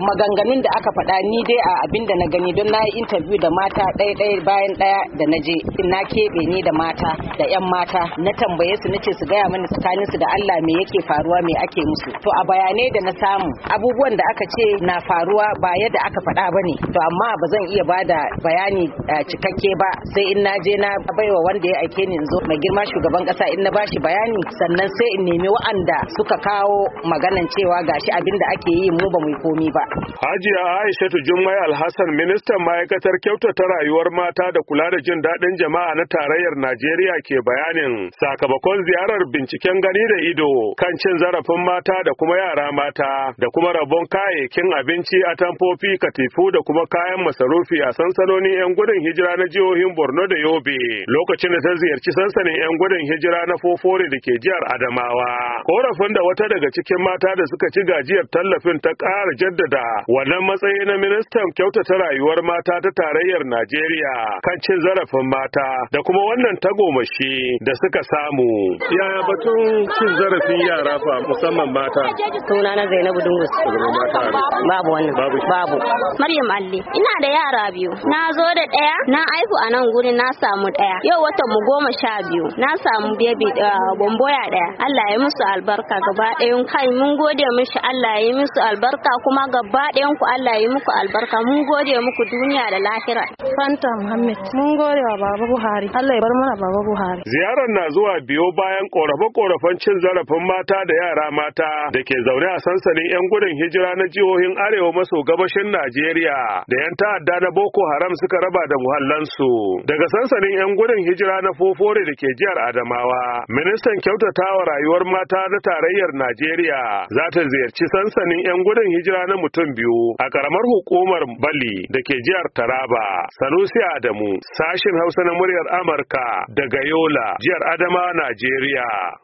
maganganun da aka faɗa ni dai a abin da na gani don na yi interview da mata ɗaya ɗaya bayan ɗaya da na je na keɓe ni da mata da 'yan mata na tambaye su nace su gaya mani tsakanin su da Allah me yake faruwa me ake musu to a bayanai da na samu abubuwan da aka ce na faruwa ba yadda aka faɗa ba ne to amma ba zan iya ba da bayani eh, cikakke ba sai in na je na baiwa wanda ya aike ni zo mai girma shugaban ƙasa in na bashi bayani sannan sai in nemi wa'anda suka kawo maganan cewa gashi abin da ake yi mu ba mu komi ba Hajiya Aishatu Jummai Alhassan ministan ma'aikatar kyautata rayuwar mata da kula da jin daɗin jama'a na tarayyar Najeriya ke bayanin sakamakon ziyarar binciken gani da ido kan cin zarafin mata da kuma yara mata da kuma rabon kayayyakin abinci a tamfofi katifu da kuma kayan masarufi a sansanonin 'yan gudun hijira na jihohin Borno da Yobe lokacin da ta ziyarci sansanin 'yan gudun hijira na Fofore da ke jihar Adamawa. Korafin da wata daga cikin mata da suka ci gajiyar tallafin ta ƙara jaddada minista wannan matsayi na ministan kyautata rayuwar mata ta tarayyar Najeriya kan cin zarafin mata da kuma wannan tagomashi da suka samu. Yaya batun cin zarafin yara fa musamman mata? Suna na Zainabu Dungus. Babu wannan. Babu. Babu. Maryam Alli. Ina da yara biyu. Na zo da ɗaya. Na aihu a nan gurin na samu ɗaya. Yau watan mu goma sha biyu. Na samu bebi uh, bomboya ɗaya. Allah ya musu albarka gaba ɗayan kai mun gode mishi Allah ya yi musu albarka kuma gaba gaba ɗayan ku Allah ya yi muku albarka mun gode muku duniya da lahira Fanta Muhammad mun gode wa Baba Buhari Allah ya bar mana Baba Buhari ziyarar na zuwa biyo bayan korafe-korafen cin zarafin mata da yara mata da ke zaune a sansanin 'yan gudun hijira na jihohin arewa maso gabashin Najeriya da 'yan ta'adda na Boko Haram suka raba da muhallansu daga sansanin 'yan gudun hijira na Fofore da ke jihar Adamawa ministan kyautatawa rayuwar mata na tarayyar Najeriya za ta ziyarci sansanin 'yan gudun hijira na mutum mutum biyu a karamar hukumar Bali da ke jihar Taraba. Sanusi Adamu, sashin Hausa na muryar Amurka daga Yola, jihar Adama, Najeriya.